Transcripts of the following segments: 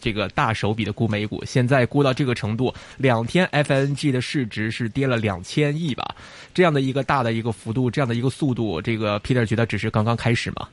這個大手筆的沽美股，現在沽到這個程度，兩天 FNG 的市值是跌了兩千億吧？這樣的一個大的一個幅度，這樣的一個速度，這個 Peter 覺得只是剛剛開始嘛？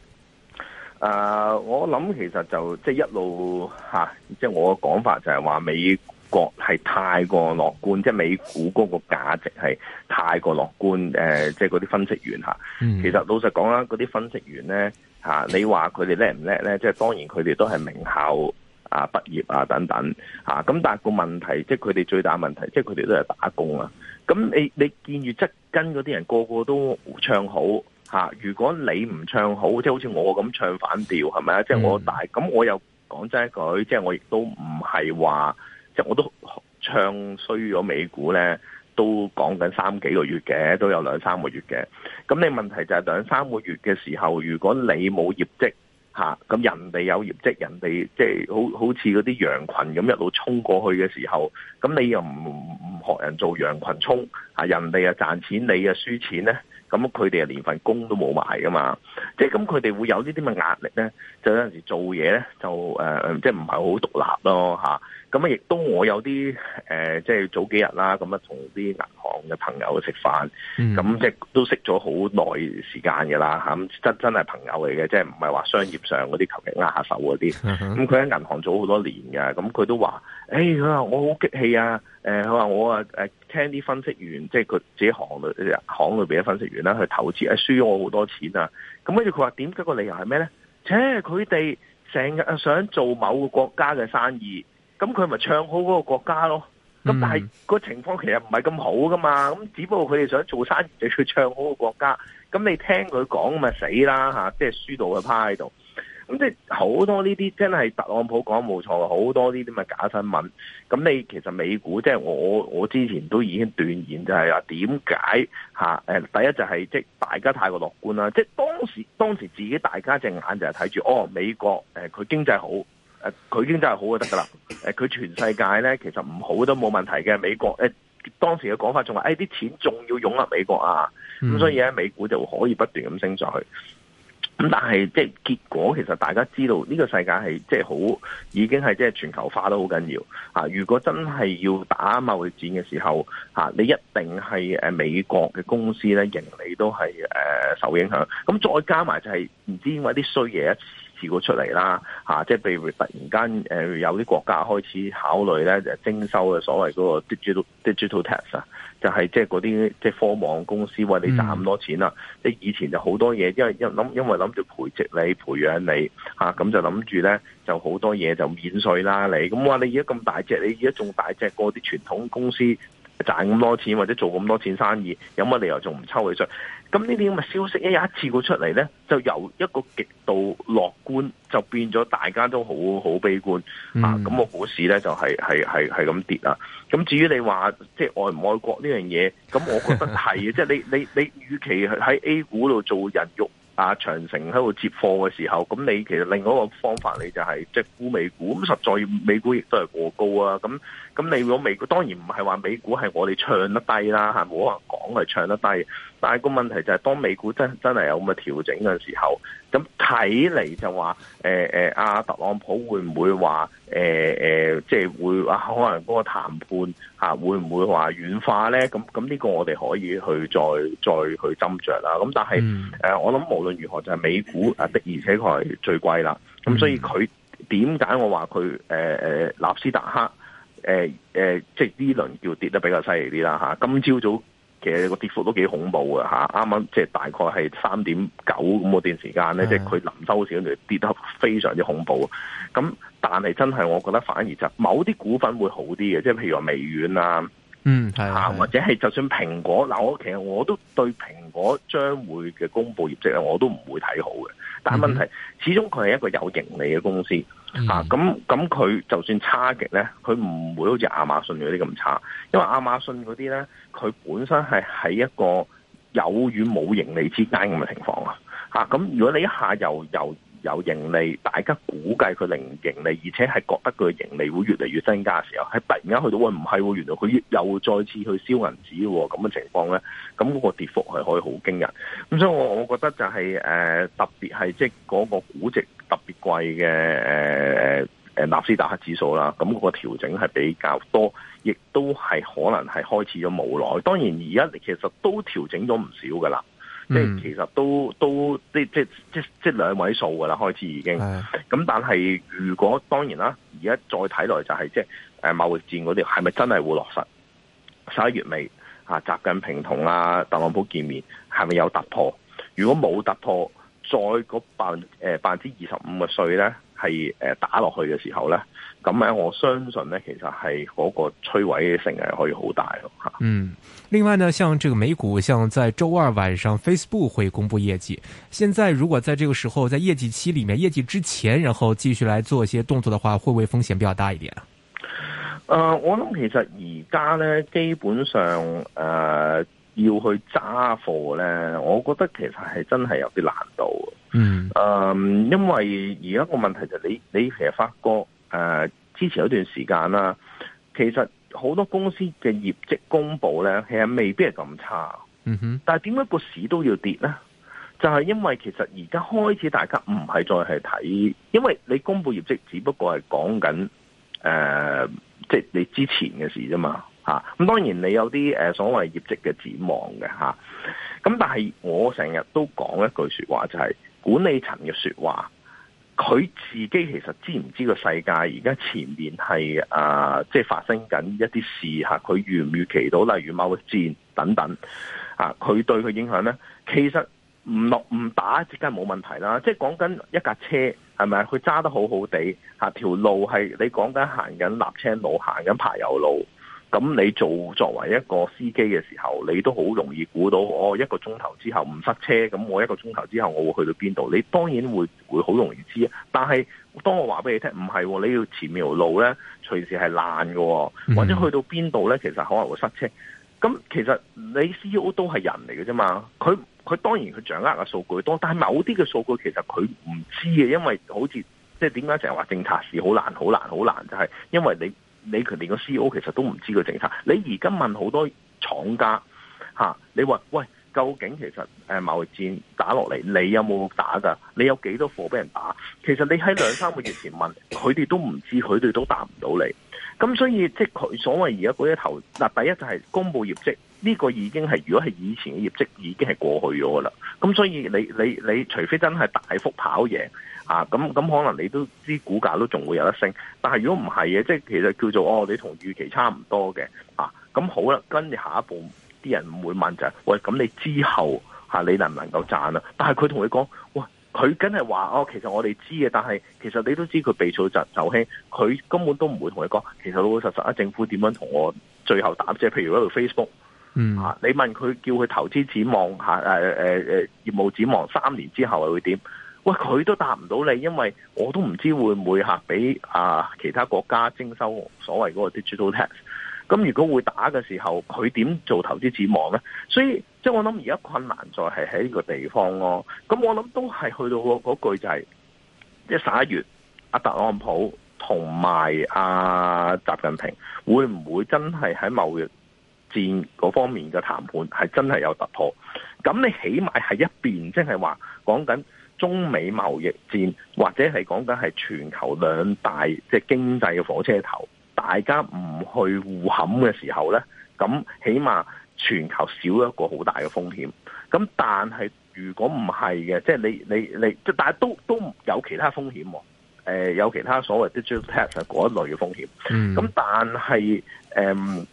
呃，我諗其實就即一路吓、啊，即係我嘅講法就係話美國係太過樂觀，即係美股嗰個價值係太過樂觀。誒、呃，即係嗰啲分析員吓、啊嗯，其實老實講啦，嗰啲分析員呢吓、啊，你話佢哋叻唔叻呢？即係當然佢哋都係名校。啊，畢業啊，等等，嚇、啊！咁但係個問題，即係佢哋最大問題，即係佢哋都係打工啊。咁你你見住質根嗰啲人，個個都唱好嚇、啊。如果你唔唱好，即係好似我咁唱反調，係咪啊？即係我大咁，嗯、咁我又講真一句，即係我亦都唔係話，即係我都唱衰咗美股咧，都講緊三幾個月嘅，都有兩三個月嘅。咁你問題就係兩三個月嘅時候，如果你冇業績。吓，咁人哋有業績，人哋即係好好似嗰啲羊群咁一路衝過去嘅時候，咁你又唔唔學人做羊群衝，吓，人哋啊賺錢，你啊輸錢咧，咁佢哋啊連份工都冇埋噶嘛，即係咁佢哋會有呢啲嘅壓力咧，就有陣時做嘢咧就誒，即係唔係好獨立咯，吓。咁啊，亦都我有啲誒，即係早幾日啦，咁啊，同啲銀行嘅朋友去食飯，咁即係都食咗好耐時間嘅啦，咁真真係朋友嚟嘅，即係唔係話商業上嗰啲求其握下手嗰啲。咁佢喺銀行做好多年嘅，咁佢都話：誒、哎，佢話我好激氣啊！誒，佢話我啊誒，聽啲分析員，即係佢自己行裏行裏邊嘅分析員啦，去投資輸、哎、輸咗我好多錢啊！咁跟住佢話點解個理由係咩咧？係佢哋成日想做某個國家嘅生意。咁佢咪唱好嗰個國家咯。咁但係個情況其實唔係咁好㗎嘛。咁只不過佢哋想做生意就去唱好個國家。咁你聽佢講咪死啦吓！即係輸到佢趴喺度。咁即係好多呢啲真係特朗普講冇錯，好多呢啲咁嘅假新聞。咁你其實美股即係我我之前都已經斷言就係話點解吓？誒、啊，第一就係即係大家太過樂觀啦。即、就、係、是、當時當時自己大家隻眼就係睇住哦，美國誒佢、呃、經濟好。誒、啊，佢已經真係好就得噶啦誒、啊，佢全世界咧，其實唔好都冇問題嘅。美國誒、啊，當時嘅講法仲話，誒、哎、啲錢仲要湧入美國啊。咁所以咧、啊，美股就可以不斷咁升上去。咁但係即係結果，其實大家知道呢、這個世界係即係好，已經係即係全球化都好緊要啊。如果真係要打貿易戰嘅時候，吓、啊、你一定係誒美國嘅公司咧盈利都係誒、呃、受影響。咁再加埋就係、是、唔知點解啲衰嘢事故出嚟啦，嚇！即係譬如突然間誒有啲國家開始考慮咧，就徵收嘅所謂嗰個 digital digital tax 啊，就係即係嗰啲即係科網公司，喂，你賺咁多錢啦，啲、嗯、以前就好多嘢，因為因諗因為諗住培植你、培養你嚇，咁就諗住咧就好多嘢就免稅啦你，咁我話你而家咁大隻，你而家仲大隻過啲傳統公司。賺咁多錢或者做咁多錢生意，有乜理由仲唔抽起出？咁呢啲咁嘅消息一一次過出嚟咧，就由一個極度樂觀就變咗大家都好好悲觀、嗯、啊！咁、那個股市咧就係係係係咁跌啦！咁至於你話即係愛唔愛國呢樣嘢，咁我覺得係啊！即係你你你，與其喺 A 股度做人肉。啊，長城喺度接貨嘅時候，咁你其實另外一個方法，就是，你就係即沽美股，咁實在美股亦都係過高啊！咁咁你如果美股，當然唔係話美股係我哋唱得低啦，嚇冇可能講係唱得低。但係個問題就係，當美股真真係有咁嘅調整嘅時候，咁睇嚟，就話，誒、呃、誒，阿特朗普會唔會話，誒、呃、誒，即係會啊？可能嗰個談判吓、啊、會唔會話軟化咧？咁咁呢個我哋可以去再再去斟酌啦。咁但係，誒、嗯呃，我諗無論如何就係、是、美股誒，而且佢係最貴啦。咁所以佢點解我話佢誒誒納斯達克誒誒、呃，即係呢輪叫跌得比較犀利啲啦吓？今朝早。其實個跌幅都幾恐怖嘅吓，啱啱即係大概係三點九咁段時間咧，即係佢臨收市嗰段跌得非常之恐怖。咁但係真係，我覺得反而就某啲股份會好啲嘅，即係譬如話微軟啊，嗯，吓或者係就算蘋果，嗱，我其實我都對蘋果將會嘅公布業績咧，我都唔會睇好嘅。但問題，始終佢係一個有盈利嘅公司嚇，咁咁佢就算差極咧，佢唔會好似亞馬遜嗰啲咁差，因為亞馬遜嗰啲咧，佢本身係喺一個有與冇盈利之間咁嘅情況啊嚇，咁如果你一下又由有盈利，大家估計佢零盈利，而且係覺得佢嘅盈利會越嚟越增加嘅時候，係突然間去到，喂，唔係喎，原來佢又再次去燒銀紙喎，咁嘅情況咧，咁嗰個跌幅係可以好驚人。咁所以我我覺得就係、是、誒、呃、特別係即係嗰個估值特別貴嘅誒誒誒納斯達克指數啦，咁個調整係比較多，亦都係可能係開始咗冇耐。當然而家其實都調整咗唔少噶啦。即、嗯、係其實都都即即即即兩位數噶啦，開始已經。咁但係如果當然啦，而家再睇落就係、是、即係誒貿易戰嗰啲係咪真係會落實？十一月尾啊，習近平同阿特朗普見面係咪有突破？如果冇突破，再個百誒百分之二十五嘅稅咧？係誒、呃、打落去嘅時候呢，咁我相信呢，其實係嗰個摧毀性係可以好大咯吓。嗯，另外呢，像這個美股，像在周二晚上，Facebook 會公布業績。現在如果在這個時候，在業績期裏面，業績之前，然後繼續來做一些動作的話，會唔會風險比較大一點？誒、呃，我諗其實而家呢，基本上誒。呃要去揸貨咧，我覺得其實係真係有啲難度。Mm -hmm. 嗯，誒，因為而家個問題就係你，你其實發覺誒、呃、之前嗰段時間啦，其實好多公司嘅業績公布咧，其實未必係咁差。嗯哼，但係點解個市都要跌咧？就係、是、因為其實而家開始大家唔係再係睇，因為你公布業績只不過係講緊誒，即、呃、係、就是、你之前嘅事啫嘛。咁、啊、當然你有啲誒所謂業績嘅展望嘅，咁、啊、但係我成日都講一句說話、就係、說話，就係管理層嘅說話，佢自己其實知唔知個世界而家前面係啊，即係發生緊一啲事佢預唔預期到？例如某個戰等等啊，佢對佢影響咧，其實唔落唔打，即梗係冇問題啦。即係講緊一架車係咪？佢揸得好好地、啊、條路係你講緊行緊立青路，行緊排油路。咁你做作為一個司機嘅時候，你都好容易估到，哦、一我一個鐘頭之後唔塞車，咁我一個鐘頭之後我會去到邊度？你當然會會好容易知啊。但係當我話俾你聽，唔係、哦、你要前面條路咧，隨時係爛嘅，或者去到邊度咧，其實可能會塞車。咁其實你 CEO 都係人嚟嘅啫嘛，佢佢當然佢掌握嘅數據多，但係某啲嘅數據其實佢唔知嘅，因為好似即係點解成日話政策事好難好難好難，就係、是、因為你。你佢連個 CEO 其實都唔知個政策。你而家問好多廠家吓，你話喂，究竟其實誒貿易戰打落嚟，你有冇打㗎？你有幾多貨俾人打？其實你喺兩三個月前問佢哋都唔知，佢哋都答唔到你。咁所以即係佢所謂而家嗰啲投嗱，第一就係公布業績，呢個已經係如果係以前嘅業績已經係過去咗㗎啦。咁所以你你你除非真係大幅跑贏。啊，咁咁可能你都知股價都仲會有得升，但係如果唔係嘅，即係其實叫做哦，你同預期差唔多嘅，啊，咁好啦，跟住下一步啲人唔會問就係、是，喂，咁你之後吓、啊、你能唔能夠賺啊？但係佢同你講，喂，佢梗係話哦，其實我哋知嘅，但係其實你都知佢避重就輕，佢根本都唔會同你講，其實老老實實啊，政府點樣同我最後打，即譬如嗰度 Facebook，、嗯啊、你問佢叫佢投資展望吓誒誒業務展望三年之後會點？喂，佢都答唔到你，因為我都唔知會唔會吓俾啊其他國家徵收所謂嗰個 digital tax。咁如果會打嘅時候，佢點做投資展望咧？所以即係我諗，而家困難再在係喺呢個地方咯、啊。咁我諗都係去到嗰句就係即係十一月，阿特朗普同埋阿習近平會唔會真係喺貿易戰嗰方面嘅談判係真係有突破？咁你起碼係一邊，即係話講緊。中美貿易戰或者係講緊係全球兩大即係、就是、經濟嘅火車頭，大家唔去互冚嘅時候咧，咁起碼全球少了一個好大嘅風險。咁但係如果唔係嘅，即係你你你，即係大家都都有其他風險，誒、呃、有其他所謂啲 digital tax 嗰一類嘅風險。咁、嗯、但係誒誒誒，咁、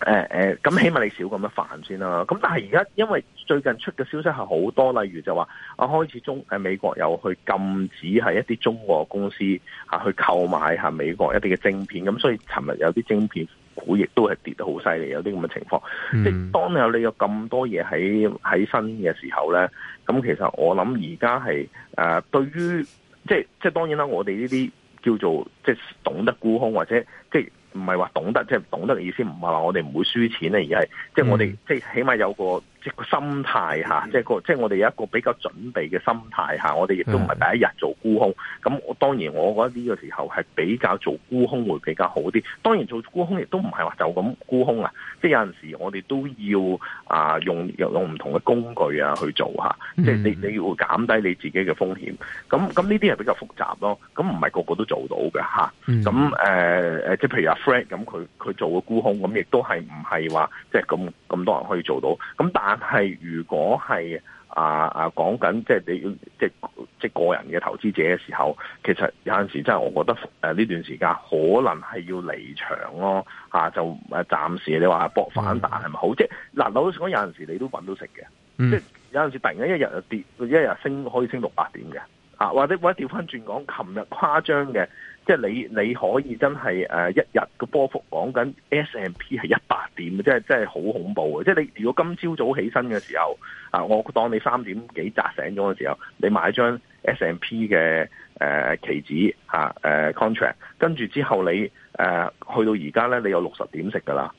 呃呃呃、起碼你少咁樣煩先啦。咁但係而家因為。最近出嘅消息係好多，例如就話啊開始中喺美國又去禁止係一啲中國公司啊去購買下美國一啲嘅晶片，咁所以尋日有啲晶片股亦都係跌得好犀利，有啲咁嘅情況。嗯、即係當有你有咁多嘢喺喺身嘅時候咧，咁其實我諗而家係誒對於即係即係當然啦，我哋呢啲叫做即係懂得沽空，或者即係唔係話懂得即係懂得嘅意思，唔係話我哋唔會輸錢咧，而係即係我哋、嗯、即係起碼有個。個心態嚇，即係個即係我哋有一個比較準備嘅心態嚇，我哋亦都唔係第一日做沽空。咁我當然我覺得呢個時候係比較做沽空會比較好啲。當然做沽空亦都唔係話就咁沽空啊，即係有陣時我哋都要啊用用唔同嘅工具啊去做嚇。即係你你要會減低你自己嘅風險。咁咁呢啲係比較複雜咯。咁唔係個個都做到嘅嚇。咁誒誒，即係譬如阿 Fred 咁，佢佢做嘅沽空，咁亦都係唔係話即係咁咁多人可以做到。咁但但係如果係啊啊，講緊即係你要即即，即個人嘅投資者嘅時候，其實有陣時真係我覺得誒呢段時間可能係要離場咯吓、啊，就暫時你話博反彈係咪好？即係嗱，我、就、講、是、有陣時你都搵到食嘅、嗯，即係有陣時突然間一日就跌，一日升可以升六百點嘅。啊，或者或者調翻轉講，琴日誇張嘅，即係你你可以真係誒一日個波幅講緊 S&P 係一百點，即係真係好恐怖嘅。即係你如果今朝早起身嘅時候啊，我當你三點幾扎醒咗嘅時候，你買張 S&P 嘅誒、呃、期指嚇、啊呃、contract，跟住之後你誒、呃、去到而家咧，你有六十點食㗎啦。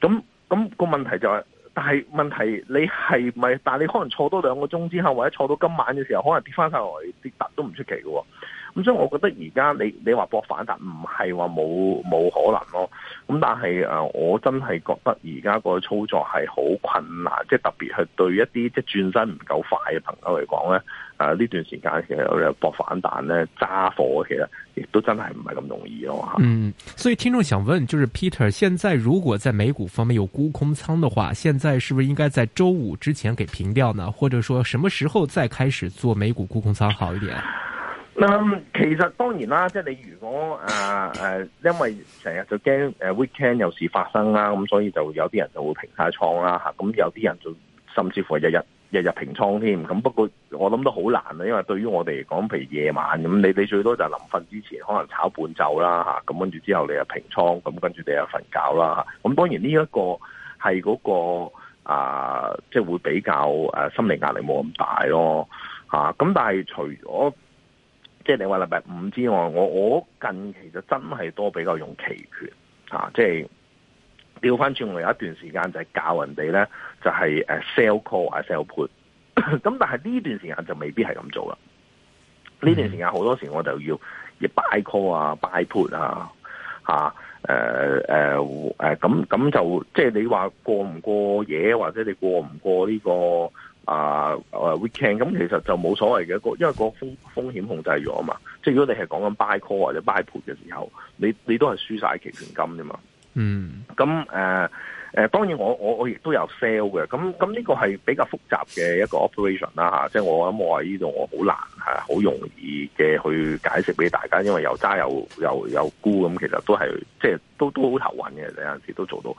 咁咁個問題就係、是。但係問題，你係咪？但係你可能坐多兩個鐘之後，或者坐到今晚嘅時候，可能跌翻晒落嚟，跌突都唔出奇嘅。咁所以，我覺得而家你你話搏反彈，唔係話冇冇可能咯。咁但係誒，我真係覺得而家個操作係好困難，即係特別係對一啲即係轉身唔夠快嘅朋友嚟講咧。誒、啊，呢段時間其實有搏反彈咧揸貨，其實亦都真係唔係咁容易咯吓。嗯，所以聽眾想問，就是 Peter，現在如果在美股方面有沽空倉嘅話，現在是不是應該在周五之前給平掉呢？或者說什麼時候再開始做美股沽空倉好一點。嗯，其實當然啦，即係你如果誒誒、呃，因為成日就驚誒 weekend 有事發生啦，咁，嗯，所以就有啲人就會平晒倉啦吓，咁，啊嗯，有啲人就甚至乎日日。日日平倉添，咁不過我諗都好難啦，因為對於我哋嚟講，譬如夜晚咁，你你最多就係臨瞓之前可能炒半晝啦嚇，咁跟住之後你又平倉，咁跟住你又瞓覺啦嚇。咁當然呢一個係嗰個啊，即係會比較誒心理壓力冇咁大咯嚇。咁但係除咗即係你話禮拜五之外，我我近期就真係多比較用期權嚇，即係。調翻轉嚟，有一段時間就係教人哋咧，就係誒 sell call 啊 sell put，咁 但係呢段時間就未必係咁做啦。呢段時間好多時我就要要 buy call 啊 buy put 啊吓誒誒誒咁咁就即、是、係你話過唔過夜，或者你過唔過呢個啊 weekend，咁其實就冇所謂嘅，個因為個風風險控制咗嘛。即、就、係、是、如果你係講緊 buy call 或者 buy put 嘅時候，你你都係輸晒期權金嘅嘛。嗯，咁誒誒，當然我我我亦都有 sell 嘅，咁咁呢個係比較複雜嘅一個 operation 啦、啊、吓，即、就、係、是、我咁、嗯、我喺呢度我好難好、啊、容易嘅去解釋俾大家，因為又揸又又又沽，咁其實都係即係都都好頭暈嘅，有陣時都做到。咁、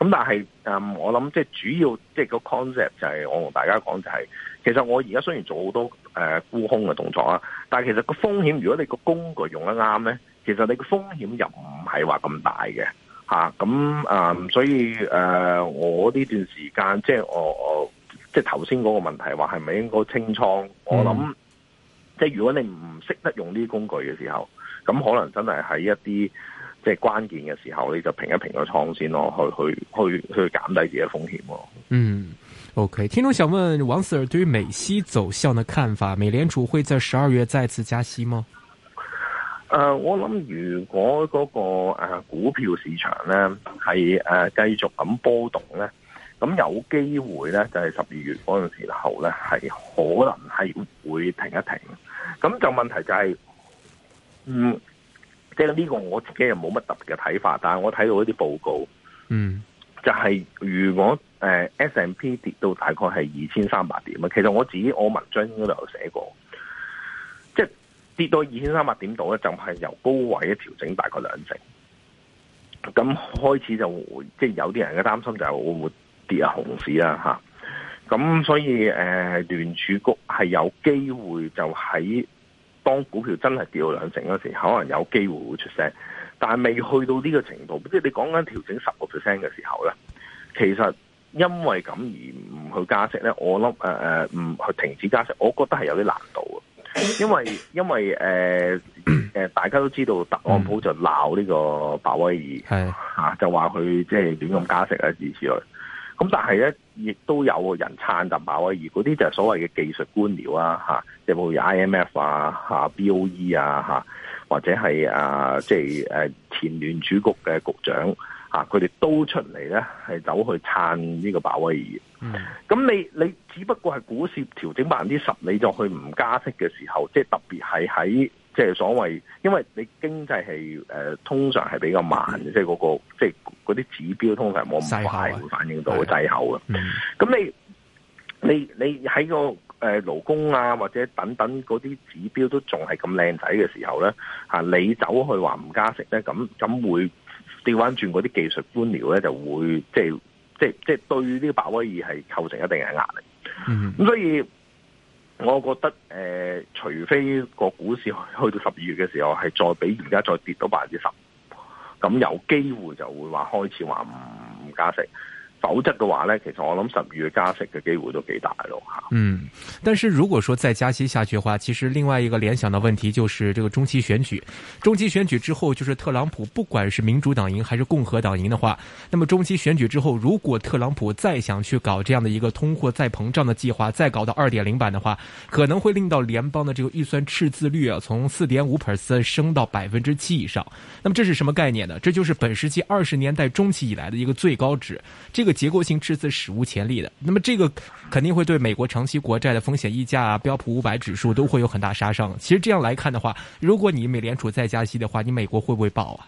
嗯、但係誒、嗯，我諗即係主要即係個 concept 就係、是、我同大家講就係、是，其實我而家雖然做好多誒、呃、沽空嘅動作啦，但係其實個風險如果你個工具用得啱咧，其實你個風險又唔係話咁大嘅。吓咁啊、嗯嗯，所以誒、呃，我呢段時間即係我我即係頭先嗰個問題，話係咪應該清倉？我諗、嗯、即係如果你唔識得用呢啲工具嘅時候，咁可能真係喺一啲即係關鍵嘅時候，你就平一平個倉先咯，去去去去減低自己嘅風險、哦、嗯，OK，聽眾想問王 Sir 對於美息走向的看法，美聯儲會在十二月再次加息嗎？誒、呃，我諗如果嗰、那個誒、啊、股票市場咧係誒繼續咁波動咧，咁有機會咧就係十二月嗰陣時候咧係可能係會停一停。咁就問題就係、是，嗯，即係呢個我自己又冇乜特別嘅睇法，但係我睇到一啲報告，嗯，就係、是、如果誒、呃、S&P 跌到大概係二千三百點啊，其實我自己我文章嗰度有寫過。跌到二千三百點度咧，就係由高位嘅調整大概兩成，咁開始就會即係有啲人嘅擔心就會唔會跌啊，熊市啦吓，咁所以誒聯儲局係有機會就喺當股票真係跌到兩成嗰時，可能有機會會出聲，但係未去到呢個程度，即係你講緊調整十個 percent 嘅時候咧，其實因為咁而唔去加息咧，我諗誒誒唔去停止加息，我覺得係有啲難度。因為因為誒誒、呃呃、大家都知道特朗普就鬧呢個鮑威爾，嚇就話佢即係亂咁加息啊，諸如此類。咁但係咧，亦都有人撐緊鮑威爾，嗰啲就係所謂嘅技術官僚啊，嚇、啊，即係如 IMF 啊、嚇、啊、BOE 啊、嚇、啊、或者係啊，即係誒前聯儲局嘅局長。啊！佢哋都出嚟咧，係走去撐呢個鮑威爾。咁、嗯、你你只不過係股市調整百分之十，你就去唔加息嘅時候，即、就、係、是、特別係喺即係所謂，因為你經濟係、呃、通常係比較慢嘅，即係嗰個即係嗰啲指標通常冇咁快反映到滯後啊。咁、嗯、你你你喺個誒勞工啊或者等等嗰啲指標都仲係咁靚仔嘅時候咧，吓你走去話唔加息咧，咁咁會？調翻轉嗰啲技術官僚咧，就會即係即係即係對於呢個白威爾係構成一定嘅壓力。咁、嗯、所以，我覺得誒、呃，除非個股市去到十二月嘅時候，係再比而家再跌到百分之十，咁有機會就會話開始話唔加息。否則的話呢，其實我諗十二月加息嘅機會都幾大咯。嗯，但是如果說再加息下去的話，其實另外一個聯想的問題就是，這個中期選舉，中期選舉之後，就是特朗普，不管是民主黨贏還是共和黨贏的話，那麼中期選舉之後，如果特朗普再想去搞這樣的一個通貨再膨脹的計劃，再搞到二點零版的話，可能會令到聯邦的這個預算赤字率啊，從四點五 percent 升到百分之七以上。那麼這是什麼概念呢？這就是本世紀二十年代中期以來的一個最高值。這個。結構性赤字史無前例的，那麼這個肯定會對美國長期國債的風險溢價、啊、標普五百指數都會有很大殺傷。其實這樣來看的話，如果你美聯儲再加息的話，你美國會不會爆啊？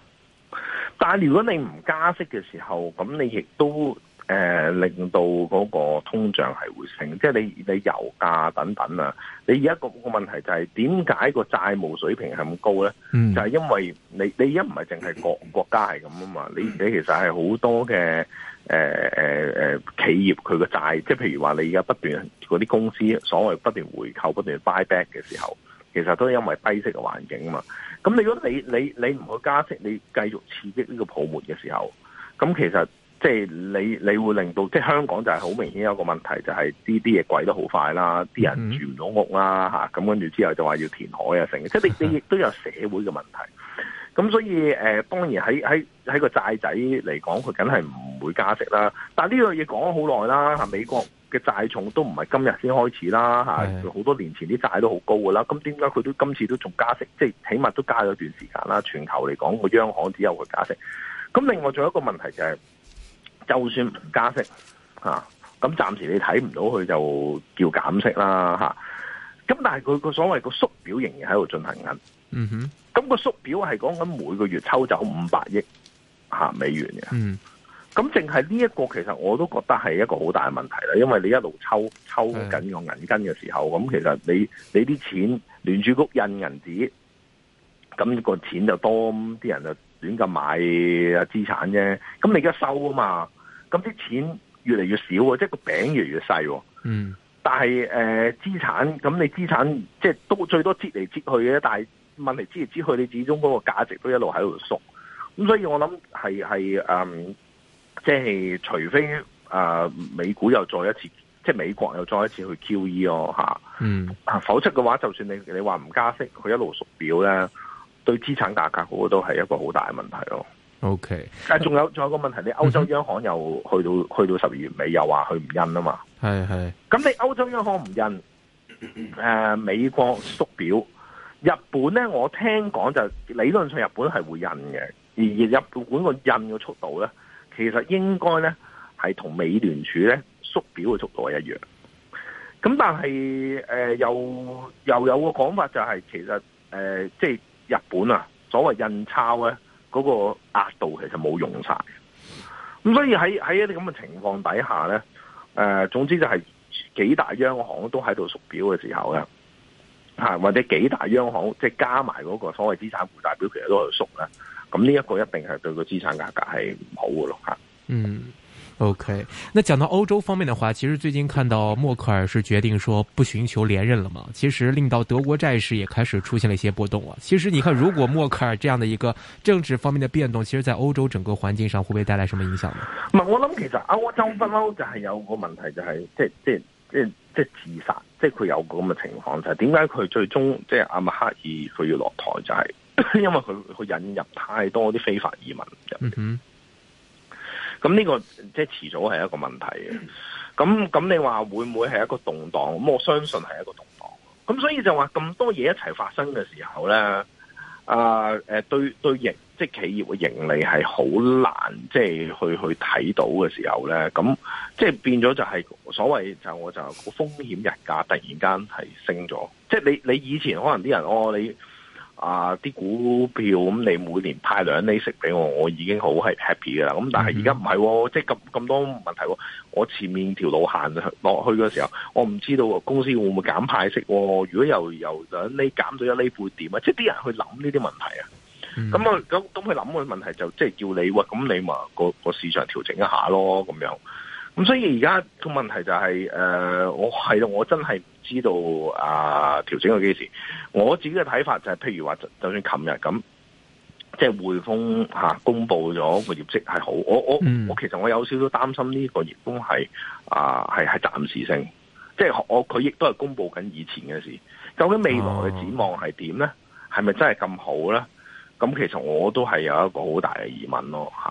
但係如果你唔加息嘅時候，咁你亦都誒、呃、令到嗰個通脹係會升，即係你你油價等等啊。你而家個個問題就係點解個債務水平係咁高咧？嗯、就係因為你你而家唔係淨係國國家係咁啊嘛，你你其實係好多嘅。誒、呃、誒、呃、企業佢個債，即係譬如話，你而家不斷嗰啲公司所謂不斷回購，不斷 buy back 嘅時候，其實都係因為低息嘅環境啊嘛。咁如果你你你唔去加息，你繼續刺激呢個泡沫嘅時候，咁其實即係你你會令到即係香港就係好明顯有一個問題，就係呢啲嘢貴得好快啦，啲人住唔到屋啦吓，咁跟住之後就話要填海啊成， 即係你你亦都有社會嘅問題。咁所以，誒、呃、當然喺喺喺個債仔嚟講，佢梗係唔會加息啦。但係呢樣嘢講咗好耐啦，嚇美國嘅債重都唔係今日先開始啦，嚇好多年前啲債都好高噶啦。咁點解佢都今次都仲加息？即係起碼都加咗段時間啦。全球嚟講，個央行只有佢加息。咁另外仲有一個問題就係、是，就算唔加息，咁、啊、暫時你睇唔到佢就叫減息啦，咁、啊、但係佢個所謂個縮表仍然喺度進行緊。嗯哼。咁個縮表係講緊每個月抽走五百億吓美元嘅，咁淨係呢一個，其實我都覺得係一個好大嘅問題啦。因為你一路抽抽緊個銀根嘅時候，咁其實你你啲錢聯儲局印銀紙，咁個錢就多，啲人就亂咁買啊資產啫。咁你而家收啊嘛，咁啲錢越嚟越少啊，即係個餅越嚟越細。嗯，但係誒資產，咁你資產即係都最多折嚟折去嘅，但係。問題之嚟之去，你始終嗰個價值都一路喺度縮，咁所以我諗係係誒，即係除非誒、呃、美股又再一次，即係美國又再一次去 QE 咯、哦、吓、啊，嗯，否則嘅話，就算你你話唔加息，佢一路縮表咧，對資產價格嗰個都係一個好大嘅問題咯、哦。OK，但係仲有仲有個問題，你歐洲央行又去到 去到十二月尾又話佢唔印啊嘛，係係，咁你歐洲央行唔印，誒、呃、美國縮表。日本咧，我聽講就是、理論上日本係會印嘅，而而日本個印嘅速度咧，其實應該咧係同美聯儲咧縮表嘅速度係一樣。咁但係誒、呃、又又有個講法就係、是、其實誒即係日本啊，所謂印鈔咧嗰個壓度其實冇用晒。咁所以喺喺一啲咁嘅情況底下咧，誒、呃、總之就係幾大央行都喺度縮表嘅時候嘅。吓，或者幾大央行即係加埋嗰個所謂資產負債表，其實都係縮啦。咁呢一個一定係對個資產價格係唔好嘅咯吓。嗯，OK。那講到歐洲方面的話，其實最近看到默克爾是決定說不尋求連任了嘛。其實令到德國債市也開始出現了一些波動啊。其實你看，如果默克爾這樣的一個政治方面的變動，其實在歐洲整個環境上會不會帶來什麼影響呢？唔係、嗯、我諗其實，歐洲不嬲就係有個問題就係、是，即係即係。就是即係即係自殺，即係佢有個咁嘅情況就係點解佢最終即係阿默克爾佢要落台，就係、是、因為佢佢引入太多啲非法移民入嚟。咁、嗯、呢、這個即係遲早係一個問題嘅。咁咁你話會唔會係一個動盪？咁我相信係一個動盪。咁所以就話咁多嘢一齊發生嘅時候咧。啊！誒，對，對，盈，即係企業嘅盈利係好難，即係去去睇到嘅時候咧，咁即係變咗就係所謂就我就風險，日價突然間係升咗，即係你你以前可能啲人哦你。啊！啲股票咁、嗯，你每年派兩厘息俾我，我已經好係 happy 噶啦。咁、嗯、但係而家唔係，即係咁咁多問題，哦。我前面條路行落去嘅時候，我唔知道公司會唔會減派息，哦。如果由兩厘減咗一厘會點啊？即係啲人去諗呢啲問題啊。咁、嗯、啊，咁咁佢諗嘅問題就即係叫你，咁你咪個，個市場調整一下咯咁樣。咁、嗯、所以而家個問題就係、是，誒、呃，我係咯，我真係。知道啊調整嘅幾時？我自己嘅睇法就係、是，譬如話，就算琴日咁，即係匯豐嚇、啊、公布咗個業績係好，我我我其實我有少少擔心呢個業績係啊係係暫時性，即係我佢亦都係公佈緊以前嘅事，究竟未來嘅展望係點咧？係咪真係咁好咧？咁、啊嗯、其實我都係有一個好大嘅疑問咯嚇。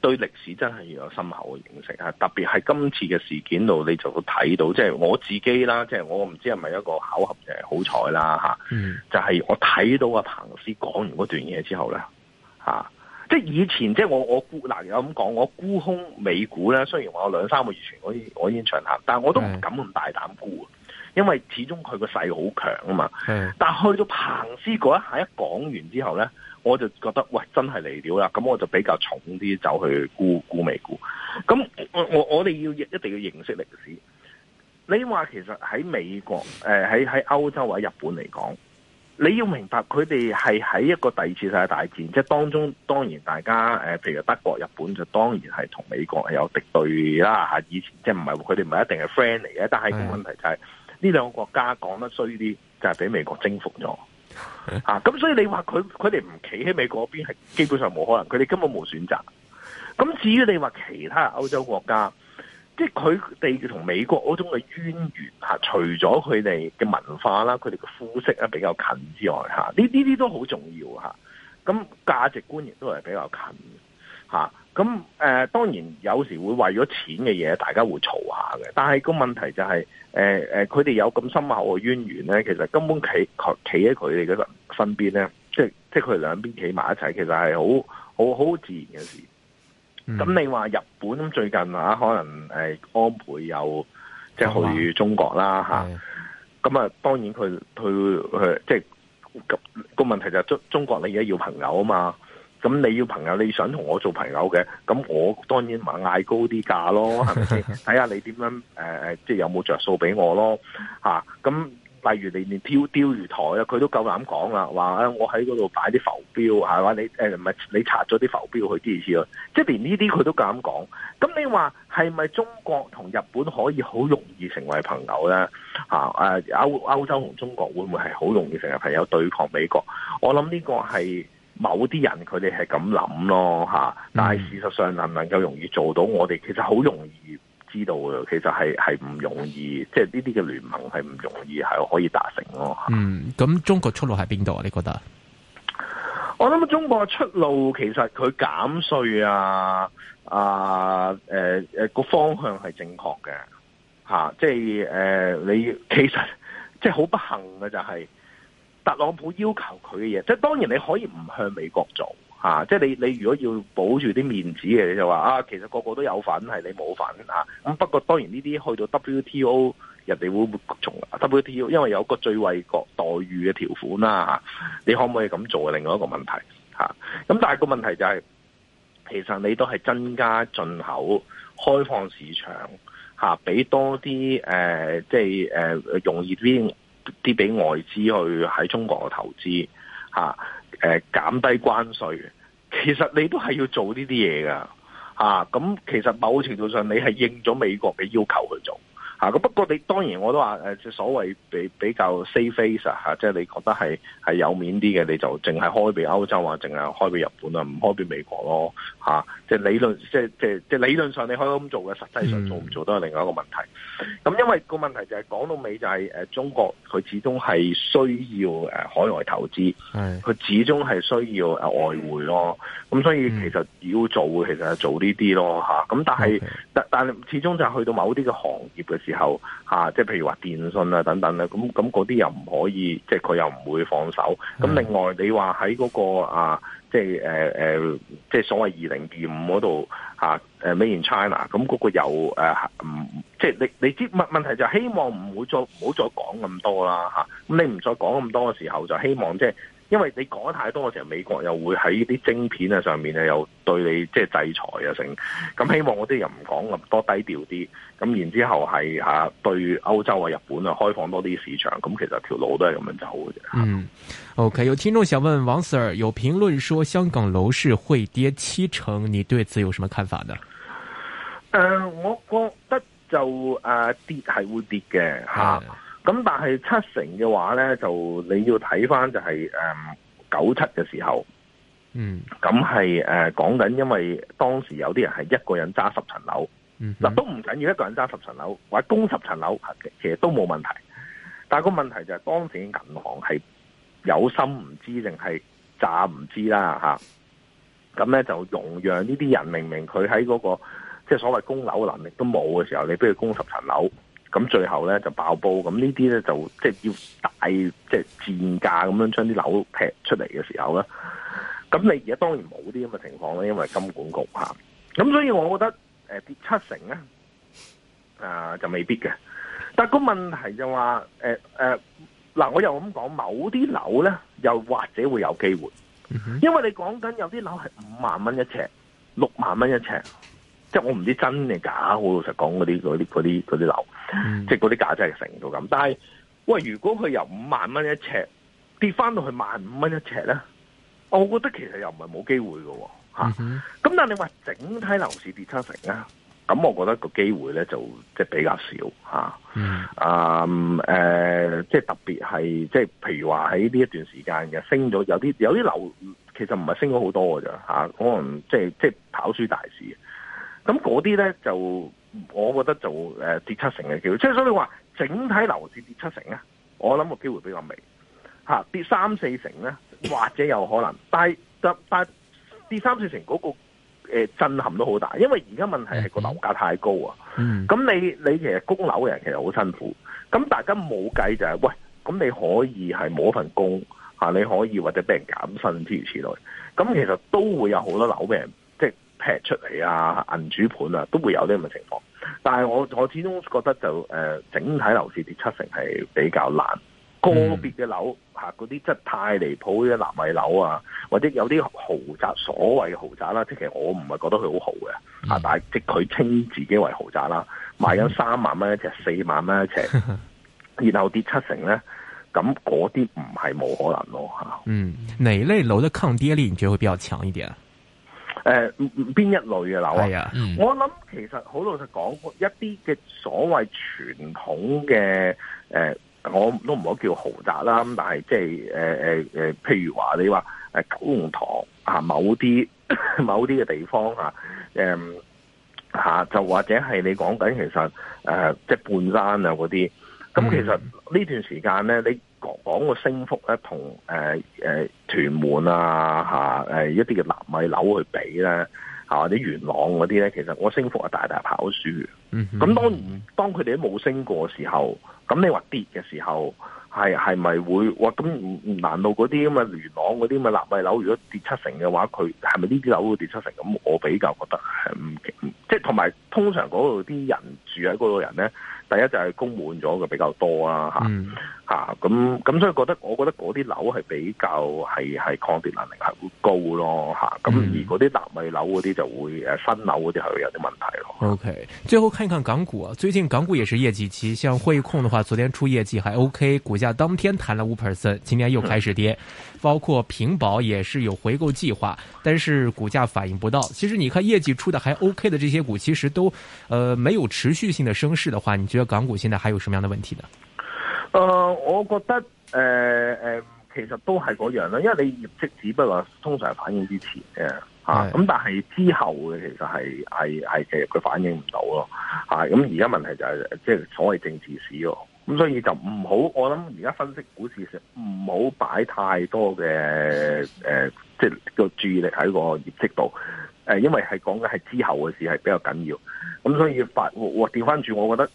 對歷史真係要有深厚嘅認識啊！特別係今次嘅事件度，你就會睇到，即係我自己啦，即係我唔知係咪一個巧合嘅好彩啦吓，嗯，就係我睇到阿彭斯講完嗰段嘢之後咧，吓，啊，即係以前即係我我沽嗱有咁講，我沽空美股咧，雖然話有兩三個月前我已經我已經，但係我都唔敢咁大膽沽，因為始終佢個勢好強啊嘛。嗯，但係去到彭斯嗰一下一講完之後咧。我就覺得，喂，真係嚟料啦！咁我就比較重啲走去估估未估。咁我我我哋要一定要認識歷史。你話其實喺美國，誒喺喺歐洲或者日本嚟講，你要明白佢哋係喺一個第二次世界大戰，即係當中當然大家、呃、譬如德國、日本就當然係同美國係有敵對啦嚇。以前即係唔係佢哋唔係一定係 friend 嚟嘅，但係個問題就係呢兩個國家講得衰啲，就係俾美國征服咗。吓，咁、 啊、所以你話佢佢哋唔企喺美國嗰邊係基本上冇可能，佢哋根本冇選擇。咁至於你話其他歐洲國家，即係佢哋同美國嗰種嘅淵源吓、啊，除咗佢哋嘅文化啦，佢哋嘅膚色啊比較近之外吓，呢呢啲都好重要吓。咁、啊、價值觀亦都係比較近吓。啊咁誒、呃、當然有時會為咗錢嘅嘢，大家會嘈下嘅。但係個問題就係誒誒佢哋有咁深厚嘅淵源咧，其實根本企企喺佢哋嘅身身邊咧，即即佢哋兩邊企埋一齊，其實係好好好自然嘅事。咁、嗯、你話日本咁最近啊，可能係安倍又即去中國啦吓咁、嗯、啊當然佢去去即、咁個問題就係、是、中中國你而家要朋友啊嘛。咁你要朋友，你想同我做朋友嘅，咁我當然咪嗌高啲價咯，係咪先？睇 下你點樣誒誒、呃，即係有冇着數俾我咯？吓、啊，咁例如你連丟釣魚台啊，佢都夠膽講啦，話我喺嗰度擺啲浮標，係、啊、嘛你誒唔係你拆咗啲浮標去知嘢先咯？即係連呢啲佢都夠膽講。咁你話係咪中國同日本可以好容易成為朋友咧？吓、啊、誒，歐歐洲同中國會唔會係好容易成為朋友對抗美國？我諗呢個係。某啲人佢哋係咁諗咯，吓！但係事實上能唔能夠容易做到，我哋其實好容易知道嘅。其實係係唔容易，即係呢啲嘅聯盟係唔容易係可以達成咯。嗯，咁中國出路喺邊度啊？你覺得？我諗中國嘅出路其實佢減稅啊啊，誒誒個方向係正確嘅，吓、啊！即係誒、呃，你其實即係好不幸嘅就係、是。特朗普要求佢嘅嘢，即係當然你可以唔向美國做，嚇、啊，即係你你如果要保住啲面子嘅，你就話啊，其實個個都有份，係你冇份啊。咁不過當然呢啲去到 WTO，人哋會從 WTO，因為有個最惠國待遇嘅條款啦嚇、啊，你可唔可以咁做？另外一個問題嚇，咁、啊、但係個問題就係、是，其實你都係增加進口、開放市場嚇，俾、啊、多啲誒、呃，即係誒容易啲。呃啲俾外資去喺中國投資吓，誒、啊，呃，減低關稅，其實你都係要做呢啲嘢噶吓。咁、啊、其實某程度上你係應咗美國嘅要求去做。吓，咁 不過你當然我都話誒，即所謂比比較 safe face 啊，吓，即係你覺得係係有面啲嘅，你就淨係開俾歐洲啊，淨係開俾日本啊，唔開俾美國咯吓、啊。即係理論，即係即係即係理論上你可以咁做嘅，實際上做唔做都係另外一個問題。咁、嗯、因為個問題就係、是、講到尾就係、是、誒，中國佢始終係需要誒海外投資，佢始終係需要誒外匯咯。咁、啊嗯、所以其實要做其實係做呢啲咯吓。咁、啊、但係、okay. 但但係始終就係去到某啲嘅行業嘅時候嚇，即係譬如話電信啊等等咧，咁咁嗰啲又唔可以，即佢又唔會放手。咁另外你話喺嗰個啊，即啊即所謂二零二五嗰度嚇誒 Made in China，咁嗰個又唔、啊、即你你知問題就希望唔會再唔好再講咁多啦咁、啊、你唔再講咁多嘅時候，就希望即因為你講得太多嘅時候，美國又會喺啲晶片啊上面啊，又對你即係制裁啊成。咁希望我啲人唔講咁多，低調啲。咁然之後係吓對歐洲啊、日本啊開放多啲市場。咁其實條路都係咁樣走嘅啫。嗯。OK，有聽眾想問王 Sir，有評論說香港樓市會跌七成，你對此有什麼看法呢？誒、uh，我覺得就誒、uh, 跌係會跌嘅吓。Uh, 咁但係七成嘅話呢，就你要睇翻就係誒九七嘅時候，嗯，咁係誒講緊，呃、因為當時有啲人係一個人揸十層樓，嗱、嗯、都唔緊要，一個人揸十層樓或者供十層樓，其實都冇問題。但係個問題就係當時銀行係有心唔知定係詐唔知啦吓。咁、啊、呢就容讓呢啲人，明明佢喺嗰個即係、就是、所謂供樓嘅能力都冇嘅時候，你不如供十層樓。咁最後咧就爆煲，咁呢啲咧就即係、就是、要大即係、就是、賤價咁樣將啲樓劈出嚟嘅時候咧，咁你而家當然冇啲咁嘅情況啦，因為金管局嚇，咁所以我覺得誒、呃、跌七成咧，啊、呃、就未必嘅，但個問題就話誒誒嗱，我又咁講，某啲樓咧又或者會有機會，因為你講緊有啲樓係五萬蚊一尺，六萬蚊一尺。即我唔知真定假，我老實講嗰啲啲啲啲樓，即係嗰啲價真係成到咁。但係喂，如果佢由五萬蚊一尺跌翻到去萬五蚊一尺咧，我覺得其實又唔係冇機會嘅吓。咁、啊嗯、但係你話整體樓市跌七成啊？咁我覺得個機會咧就即係比較少吓。啊誒、嗯嗯呃，即係特別係即係譬如話喺呢一段時間嘅升咗，有啲有啲樓其實唔係升咗好多嘅咋吓。可能即係即係跑輸大市。咁嗰啲咧就，我覺得就誒、呃、跌七成嘅機會。即係所以你話，整體樓市跌七成啊！我諗個機會比較微、啊、跌三四成咧，或者有可能。但但，但跌三四成嗰、那個、呃、震撼都好大，因為而家問題係個樓價太高啊。咁、嗯、你你其實供樓嘅人其實好辛苦。咁大家冇計就係、是、喂，咁你可以係冇份工、啊、你可以或者俾人減薪諸如此類。咁其實都會有好多樓俾人。劈出嚟啊，銀主盤啊，都會有啲咁嘅情況。但係我我始終覺得就誒、呃，整體樓市跌七成係比較難。個別嘅樓吓，嗰啲即係太離譜嘅納米樓啊，或者有啲豪宅，所謂嘅豪宅啦、啊，即係其實我唔係覺得佢好豪嘅、嗯啊、但係即佢稱自己為豪宅啦、啊，賣緊三萬蚊一尺，四、嗯、萬蚊一尺， 然後跌七成咧，咁嗰啲唔係冇可能咯吓。嗯，哪類樓嘅抗跌力你覺得會比較強一點？誒、呃，邊一類嘅樓啊？嗯、我諗其實好老實講，一啲嘅所謂傳統嘅誒、呃，我都唔可以叫豪宅啦。咁但係即係誒誒誒，譬如話你話誒九龍塘啊，某啲某啲嘅地方啊，誒，吓就或者係你講緊其實誒、呃，即係半山啊嗰啲。咁其實呢段時間咧、嗯，你。講個升幅咧，同誒誒屯門啊吓，誒、啊啊、一啲嘅納米樓去比咧，吓、啊、啲、啊、元朗嗰啲咧，其實我升幅係大大跑輸。咁、嗯嗯、當當佢哋都冇升過嘅時候，咁、啊、你話跌嘅時候，係係咪會？哇！咁唔唔難道嗰啲咁嘅元朗嗰啲咁嘅納米樓，如果跌七成嘅話，佢係咪呢啲樓會跌七成？咁我比較覺得係唔、嗯嗯、即係同埋通常嗰度啲人住喺嗰度人咧，第一就係供滿咗嘅比較多啊吓。嗯吓咁咁，所以覺得我覺得嗰啲樓係比較係係抗跌能力係會高咯吓，咁、啊、而嗰啲納米樓嗰啲就會呃新樓嗰啲係會有啲問題咯。OK，最後看一看港股，最近港股也是業績期，像匯控的話，昨天出業績還 OK，股價當天彈了五 percent，今天又開始跌，嗯，包括平保也是有回購計劃，但是股價反應不到。其實你看業績出的還 OK 的這些股，其實都呃沒有持續性的升勢的話，你覺得港股現在還有什麼樣的問題呢？誒、呃，我覺得誒誒、呃呃，其實都係嗰樣啦，因為你業績只不過通常係反映之前嘅吓，咁、啊、但係之後嘅其實係係係其實佢反映唔到咯吓，咁而家問題就係即係所謂政治市咯，咁、啊、所以就唔好，我諗而家分析股市時唔好擺太多嘅誒，即係個注意力喺個業績度誒、啊，因為係講緊係之後嘅事係比較緊要，咁、啊、所以發反我調翻轉，我覺得。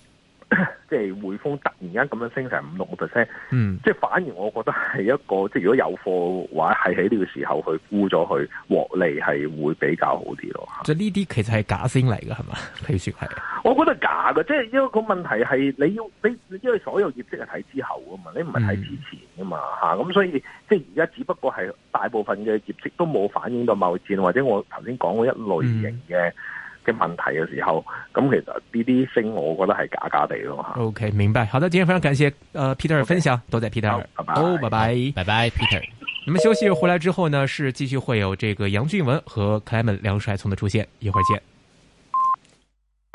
即係匯豐突然間咁樣升成五六個 percent，嗯，即係反而我覺得係一個即係如果有貨嘅話，係喺呢個時候去沽咗去獲利係會比較好啲咯。即係呢啲其實係假升嚟嘅係嘛？ 你說係？我覺得假嘅，即係因為個問題係你要你因為所有業績係睇之後噶嘛，你唔係睇之前噶嘛吓，咁所以即係而家只不過係大部分嘅業績都冇反映到貿易戰，或者我頭先講過一類型嘅。嗯嘅問題嘅時候，咁其實呢啲聲我覺得係假假地咯。OK，明白，好的，今天非常感謝，呃 Peter 嘅分享，okay. 多謝 Peter，好，拜拜，拜拜，Peter。 你哋，休息回來之後呢，是繼續會有這個楊俊文和 Clement 梁帥聰的出現，一會兒見。